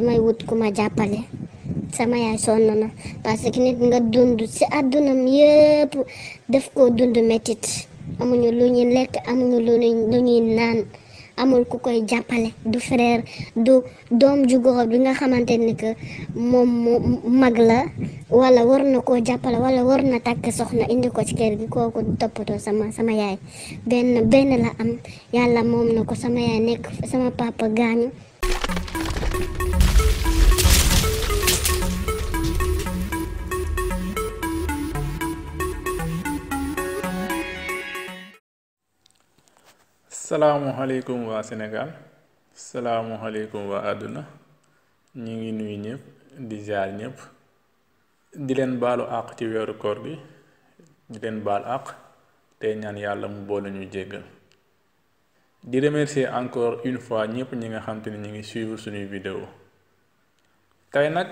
ಸಮಯ ಉತ್ಕುಮ ಜಾಪಲೆ ಸಮಯ sonn na parce que nit nga dund àdduna mi yëpp def koo amuñu lu amul ku koy jàppale du doom ju góor bi nga xamante ni mu mag la wala war na koo jàppale wala war na takk soxna indi ko ci kër gi kooku toppatoo sama sama yaay benn benn la am yàlla moom na ko sama yaay nekk sama papa gaañu salaamualeykum waa Sénégal salaamualeykum waa àdduna ñu ngi nuyu ñëpp di jaar ñëpp di leen baalu àq ci weeru koor gi di leen baal àq tey ñaan yàlla mu boole ñu jéggal di remercier encore une fois ñëpp ñi nga xam te ni ñu ngi suivre suñuy vidéo tey nag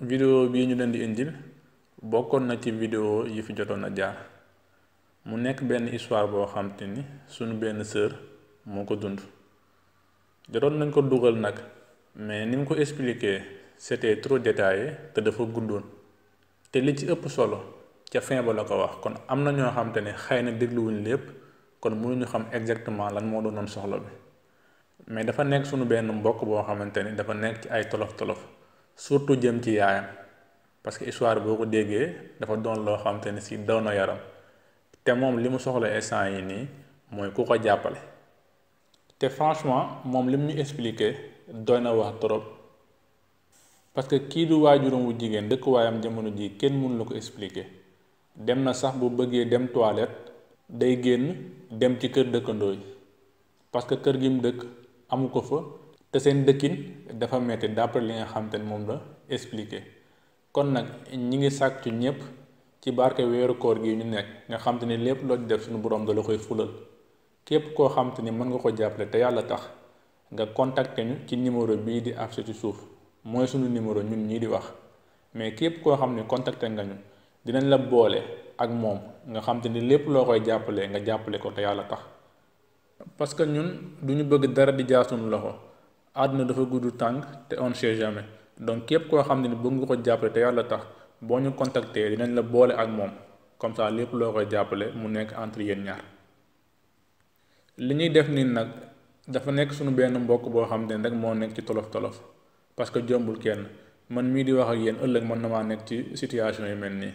vidéo bii ñu leen di indil bokkoon na ci vidéo yi fi jotoon a jaar mu nekk benn histoire boo xam ni suñu benn sœur moo ko dund jotoon nañ ko dugal nag mais ni mu ko expliqué c'était trop détaillé te dafa guddoon te li ci ëpp solo ca fin ba la ko wax kon am na ñoo xam te ne xëy na dégluwuñ lépp kon mënuñu xam exactement lan moo doonoon soxla bi mais dafa nekk sunu benn mbokk boo xamante ni dafa nekk ci ay tolof tolof surtout jëm ci yaayam parce que histoire boo ko déggee dafa doon loo xamante ni si daw na yaram te moom li mu soxla instant yi nii mooy ku ko jàppale. te franchement moom lim ñu expliqué doy na wax trop parce que kii du waajuram wu jigéen dëkkuwaayam jamono ji kenn mënu la ko expliqué dem na sax bu bëggee dem toilette day génn dem ci kër dëkkandoo yi parce que kër gi mu dëkk amu ko fa te seen dëkkin dafa metti d'après li nga xam te ne moom la expliqué kon nag ñi ngi sàkku ñëpp ci barke weeru koor gi ñu nekk nga xam te ne lépp loo def suñu borom da la koy fulal. képp koo xam ni mën nga ko jàppale te yàlla tax nga contacter ñu ci numéro bii di affiché ci suuf mooy suñu numéro ñun ñii di wax mais képp koo xam ne contacter nga ñu dinañ la boole ak moom nga xam te ni lépp loo koy jàppalee nga jàppale ko te yàlla tax parce que ñun du ñu bëgg dara di jaar suñu loxo àdduna dafa gudd tànk te on sait jamais donc képp koo xam ne ni bëgg nga ko jàppale te yàlla tax boo ñu contacter dinañ la boole ak moom comme ça lépp loo koy jàppale mu nekk entre yéen ñaar li ñuy def nii nag dafa nekk suñu benn mbokk boo xam ne rek moo nekk ci tolof tolof parce que jombul kenn man mii di wax ak yéen ëllëg mën na maa nekk ci situation yu mel nii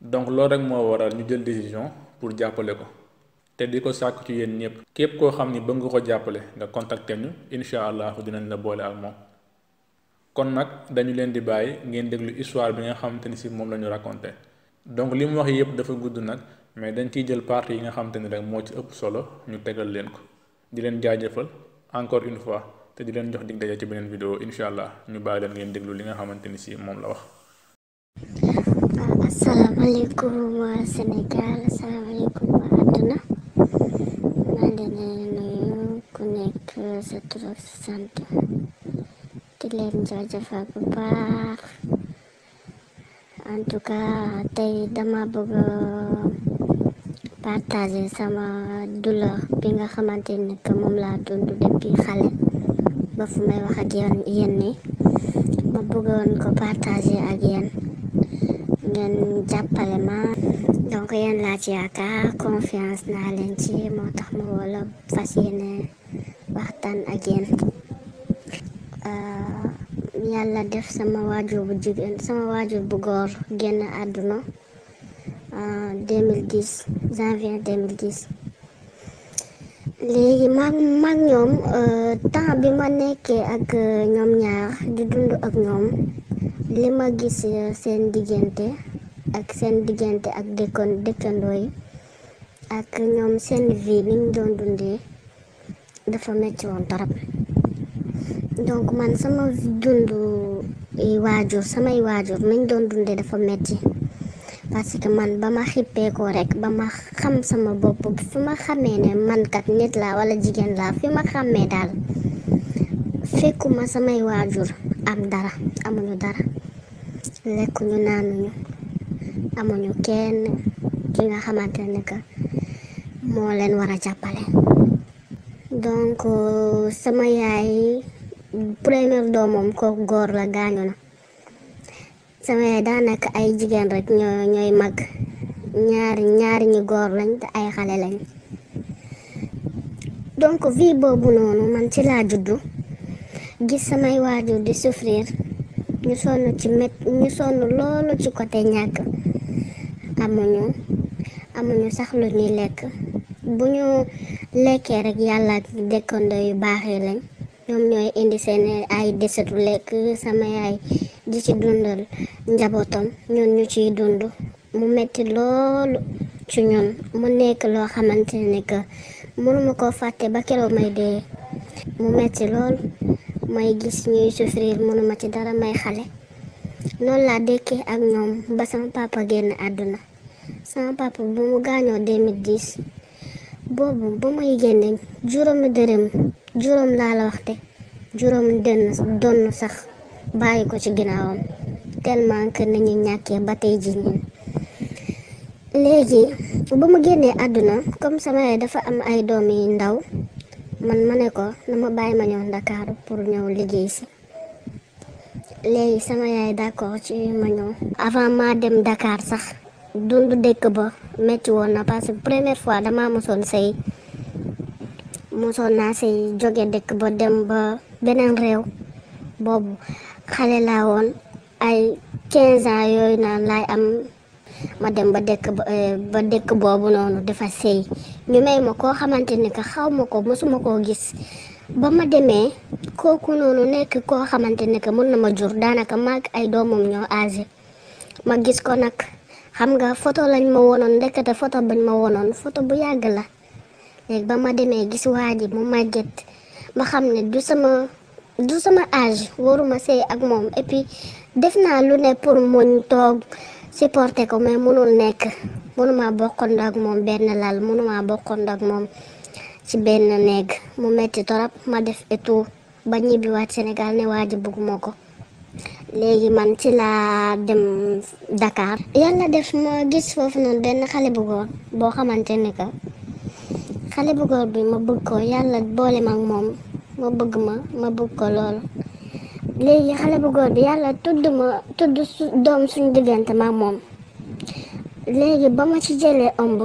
donc loolu rek moo waral ñu jël décision pour jàppale ko te di ko sàkk ci yéen ñëpp képp koo xam ni bëgg nga ko jàppale nga contacter ñu incha allahu dinañ la boole ak moom kon nag dañu leen di bàyyi ngeen déglu histoire bi nga xamante ni si moom la ñu raconté donc li mu wax yëpp dafa gudd nag. mais dañ ciy jël parties yi nga xamante ni rek moo ci ëpp solo ñu tegal leen ko di leen jaajëfal encore une fois te di leen jox di daje ci beneen vidéo incha allah ñu bàyyi leen ngeen déglu li nga xamante ni si moom la wax. Ah, asalaamaaleykum waa Sénégal asalaamaaleykum waa àdduna maa ngi tey dama bëgg. partager sama douleur bi nga xamante ni que moom laa dund depuis xale ba fu may wax ak yéen yéen ni ma bëggoon ko partager ak yéen ngeen jàppale ma donc yéen laa ci yaakaar confiance naa leen ci moo tax ma wala fas yéene waxtaan ak yéen euh, yàlla def sama waajur bu jigéen sama waajur bu góor génn àdduna en 2010 janvier 2010 léegi maag maag ñoom euh, temps bi ma nekkee ak euh, ñoom ñaar di dund ak ñoom li ma gis euh, seen diggante ak seen diggante ak dëkkoon dëkkandoo yi ak ñoom seen vie bi doon dundee dafa metti woon torop donc man sama dund eh, waajur samay waajur lañ doon dundee dafa metti parce que man ba ma xippeekoo rekk ba ma xam sama bopp fi ma xamee ne man kat nit laa wala jigéen laa fi ma xàmmee daal fekkuma samay waajur am dara amuñu dara ñu naanuñu amuñu kenn ki nga xamante ne moo leen war a jàppale donc sama yaay première doomam ko góor la gaañu na sama yaay daanaka ay jigéen rek ñoo ñooy mag ñaari ñaari ñu góor lañ te ay xale lañ donc vie boobu noonu man ci laa juddu gis samay waajur di souffrir ñu sonn ci mét ñu sonn loolu ci côté ñàkk amuñu amuñu sax lu ñuy lekk bu ñu lekkee rek yàlla dëkkandoo yu baax yi lañ ñoom ñooy indi seen ay desetu lekk sama yaay di ci dundal njabootam ñun ñu ciy dund mu metti loolu ci ñun mu nekk loo xamante ni que mënuma koo fàtte ba keroog may dee mu metti lool may gis ñuy souffrir mënuma ci dara may xale noonu laa dëkkee ak ñoom ba sama papa génn àdduna sama papa bu mu gaañoo 2010 boobu ba muy génne juróomi dërëm juróom laa la waxte juróom dënn donn sax bàyyi ko ci ginnaawam tellement que nit ñi ñàkkee ba tey ji ñun léegi ba mu génnee àdduna comme sama yaay dafa am ay doom yu ndaw man ma ne ko na ma bàyyi ma ñëw ndakaaru pour ñëw liggéey si léegi sama yaay d'accord ci ma ñëw avant ma dem Dakar sax dundu dëkk ba métti woon na parce première fois dama mosoon sëy mosoon naa sëy jóge dëkk ba dem ba beneen réew boobu xale laa woon ay 15 ans yooyu naan laay am ma dem ba dëkk eh, boobu noonu dafa sëy ñu may ma koo xamante ni xaw ma ko mosuma koo gis ba ma demee kooku noonu nekk koo xamante ni que mën na ma jur daanaka maag ay doomam ñoo âgé ma gis ko nag xam nga photo lañ ma wonoon ndekete photo bañ ma wonoon photo bu yàgg la léegi ba ma demee gis waa mu màgget ma xam ne du sama du sama âge waruma sëy ak moom et def naa lu ne pour muñ toog supporter ko mais mënul nekk mënuma bokkoon ak moom benn lal mënuma bokkoon ak moom ci benn néeg mu metti torop ma def et tout ba waaj Sénégal ne waa ji bëgguma ko léegi man ci laa dem Dakar. yàlla def ma gis foofu noonu benn xale bu boo xamante ne que xale bu góor bi ma bëgg ko yàlla boole ma ak moom. ma bëgg ma ma bëgg ko loolu léegi xale bu góor bi yàlla tudd ma tudd doom suñu diggante ma moom léegi ba ma ci jëlee ëmb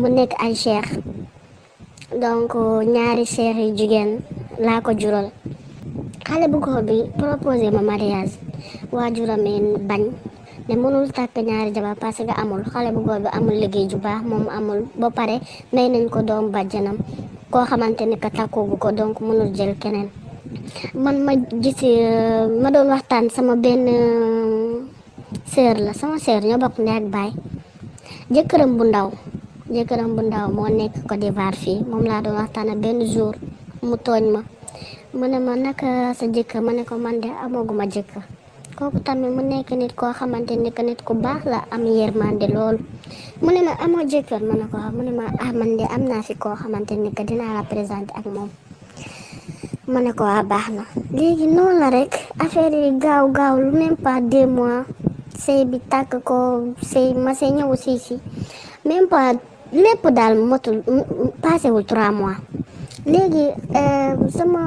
mu nekk ay cheikh donc ñaari cheikh yu jigéen laa ko jural xale bu góor bi proposé ma mariage waajuram yi bañ ne mënul tàkk ñaari jabar parce que amul xale bu góor bi amul liggéey ju baax moom amul ba pare may nañ ko doom bàjjanam koo xamante ni que takkoogu ko donc mënul jël keneen man ma gis euh, ma doon waxtaan sama benn euh, sœur la sama sœur ñoo bokk ndey baay jëkkëram bu ndaw jëkkëram bu ndaw moo nekk Côte d'Ivoire fii moom laa doon waxtaan ak benn jour mu tooñ ma mu ne ma nekk sa jëkkër ma ne ko man de amaguma jëkkër kooku tamit mu nekk nit koo xamante ni que nit baax la am yërmande loolu mu ne ma amoo jëkkër ma mu ne ma ah am naa fi koo xamante ni que dinaa la présenter ak moom ma ne ko waa ah, baax na léegi noonu la rek affaire yi gaaw gaaw lu même pas deux mois sëy bi tàkk ko sëy ma sëy ñëw sëy si même pas lépp daal motul paasewul trois mois léegi euh, sama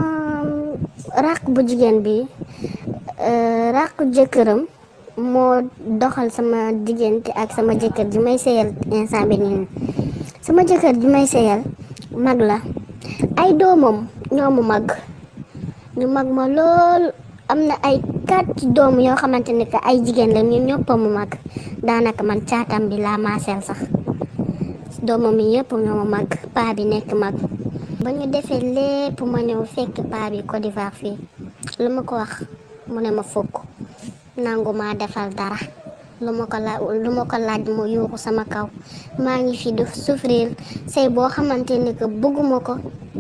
rakk bu jigéen bi Eh, ràqu jëkkëram moo doxal sama diggante ak sama jëkkër ji may seyal instant bi nii sama jëkkër ji may seyal mag la ay doomam ñoo mu mag ñu mag ma lool am na ay quatre doom yoo xamante ne ay jigéen la ñu ñëpp mu mag daanaka man caatam bi laa maaseel sax doomam yi yëpp mu mag paa bi nekk mag ba ñu defee lépp ma ñëw fekk paa bi Côte fii lu ma ko wax mu ne ma fukk nangu maa defal dara lu ma ko la ma ko laaj mu yuuxu sama kaw maa ngi fi def souffrir say boo xamante ni que bëgguma ko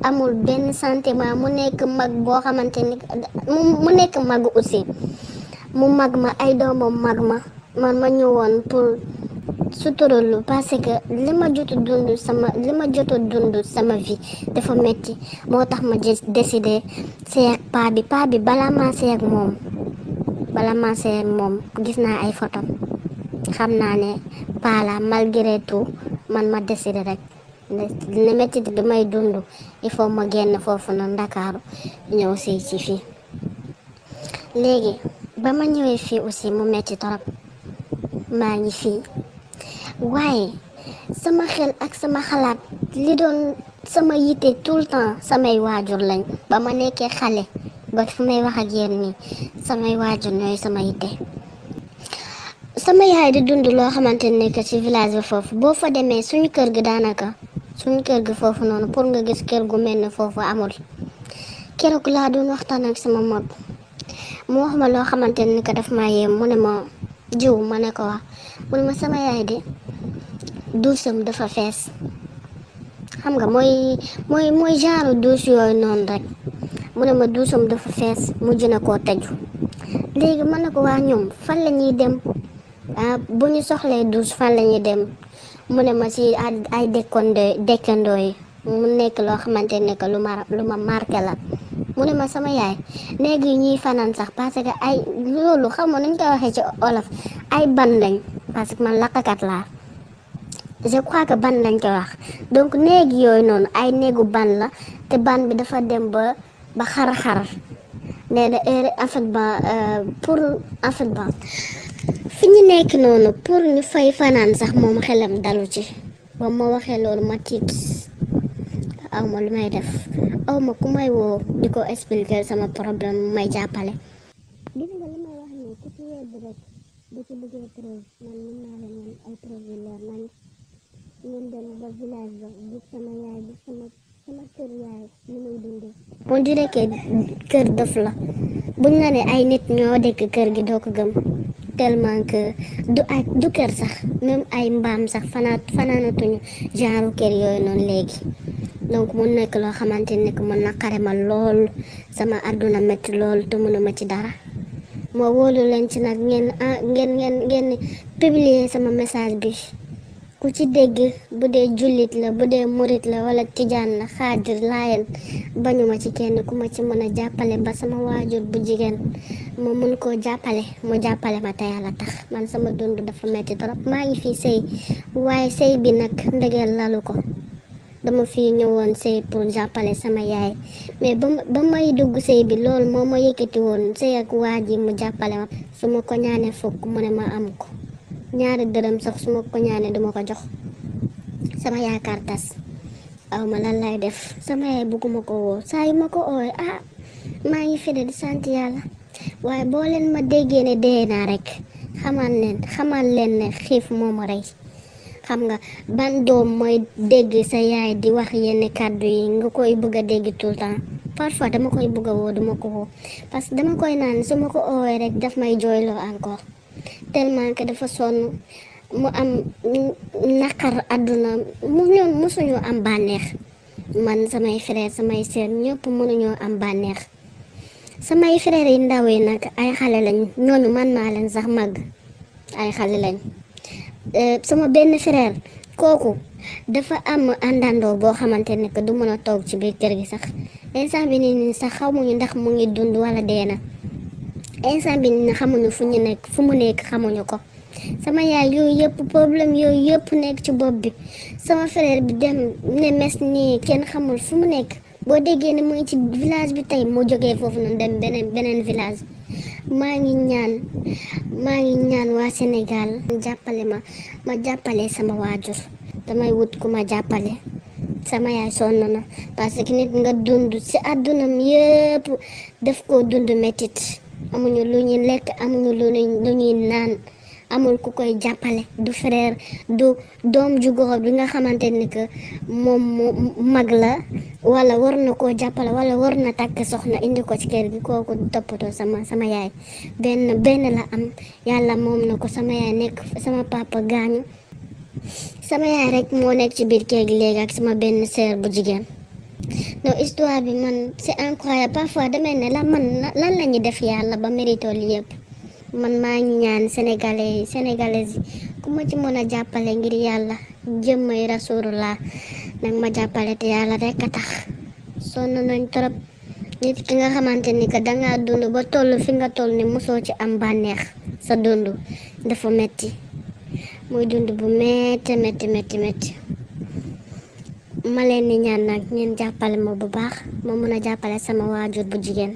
amul benn sentiment mu nekk mag boo xamante ni mu nekk mag aussi mu mag ma ay doomam mag ma man ma ñëwoon pour. suturallu parce que li ma jot dund sama vie dafa metti moo tax ma décidé seeg paa bi paa bi balaa maa seeg moom balaa maa seeg moom gis naa ay photom xam naa ne paa la tout man ma décidé rek ne metti bi may dund il faut ma genn foofu na ndakaaru ñëw sëy fii léegi ba ma ñëwee fii aussi mu metti torop maa ngi fii waaye sama xel ak sama xalaat li doon sama yitte tout le temps samay waajur lañ ba ma nekkee xale ba fi may wax ak yéen samay waajur ñooy sama yitte sama yaay di dund loo xamante ne que ci village bi foofu boo fa demee suñu kër gi daanaka suñu kër gi foofu noonu pour nga gis kër gu mel ne foofu amul keroog laa doon waxtaan ak sama mag mu wax ma loo xamante ne que daf ma yem mu ne ma jiw ma ne ko wax mun ma sama yaay de dafa fees xam nga mooy mooy mooy genre duus yooyu mu ne ma duusam dafa fees mujj na koo tëju léegi mën na ko waa ñoom fan la ñuy dem ah bu ñu soxlee duus fan la ñuy dem mu ne ma ci ay dëkkandoo dëkkandoo yi mu nekk loo xamante ne que lu ma marke la mu ne ma sama yaay néeg yi fanaan sax parce que ay loolu xamoon nañ koy waxee ci olof ay ban lañ parce que man lakkakat laa je crois que ban lañ koy wax donc néeg yooyu noonu ay néegu ban la te ban bi dafa dem ba ba xar-xar nee na eh, en fait ba euh, pour en fait fi ñu nekk noonu pour ñu fay fanaan sax moom xelam dalu ci ba ma waxee loolu ma tiit aw ma lu may def aw ma ku may woo di ko expliquer sama problème may jàppale. di ci naa leen ay preuve man la buñ la ne ay nit ñoo dëkk kër gi doo ko gëm tellement sax ay mbaam sax fanaat fanaanatuñu genre kër yooyu noonu mu nekk loo xamante ne que mën na xare ma lool sama àdduna métti lool te mënuma ci dara. ma wóolu leen ci nag ngeen ah, ngeen ngeen ngeen publier sama message bi ku ci dégg bu dee jullit la bu dee murit la wala tijaan la xaadir laayen bañuma ci kenn ku ma ci mën a jàppale ba sama waajur bu jigéen ma mën koo jàppale mu jàppale ma te yàlla tax man sama dund dafa metti trop maa ngi fi sëy waaye sëy bi nag ndegeel lalu ko dama fi ñëwoon sëy pour jàppale sama yaay mais ba may dugg sëy bi loolu moo ma yëkkati woon sëy ak waa ji mu jàppale ma su ma ko ñaanee fukk mu ne ma am ko ñaari dërëm sax su ma ko ñaanee duma ko jox sama yaakaar tas aw ma lan lay def sama yaay bugguma ko woo saa yi ma ko ooyee ah maa ngi fi di sant yàlla waaye boo leen ma déggee ne dee naa rek xamal leen xamal leen ne xiif moo ma rey xam nga ban doom mooy dégg sa yaay di wax yenn kàddu yi nga koy bëgg a dégg tout le temps parfois dama koy bëgg a woo duma ko woo parce que dama koy naan su ma ko oowee rek daf may jooyloo encore tellement que dafa sonn mu am naqar àdduna mu ñoon mosuñu am bànneex man samay frère samay sœur ñëpp mënuñoo am bànneex samay frère yi ndaw yi nag ay xale lañ ñooñu man maa leen sax màgg ay xale lañ Eh, sama benn frère kooku dafa am àndandoo boo xamante ne que du mën a toog ci biir kër gi sax instant bi nii nii sax xamuñu ndax mu ngi dund wala dee na instant bi nii xamuñu fu ñu nekk fu mu nekk xamuñu ko. sama yaay yooyu yëpp problème yooyu yëpp nekk ci bopp bi sama frère bi dem ne mes nii kenn xamul fu mu nekk boo déggee ne mu ngi ci village bi tey moo jógee foofu noonu dem beneen beneen village. maa ngi ñaan maa ngi ñaan waa Sénégal jàppale ma ma jàppale sama waajur damay wut ku ma jàppale sama yaay sonn na parce que nit nga dund ci àddunam yëpp def ko dund métit amuñu lu ñuy lekk amuñu lu ñuy naan amul ku koy jàppale du frère du doom ju góor bi nga xamante ni que moom mu mag la walla war na koo jàppale wala war na takk soxna indi ko ci kër gi kooku toppatoo sama sama yaay benn benn la am yàlla moom na ko sama yaay nekk sama papa gaañu sama yaay rek moo nekk ci biir kër gi léegi ak sama benn sœur bu jigéen donc histoire bi man c'est incroyable parfois damay ne la man lan la ñuy def yàlla ba mérito li yëpp man maa ngi ñaan sénégalais yi ku ma ci mën a jàppale ngir yàlla jëmmay rasulullah nag ma jàppale te yàlla rek a tax sonn nañ trop nit ki nga xamante ni que dangaa dund ba toll fi nga toll ni mosoo ci am bànneex sa dund dafa metti muy dund bu metti metti metti metti ma leen di ñaan nag ngeen jàppale ma bu baax ma mën a jàppale sama waajur bu jigéen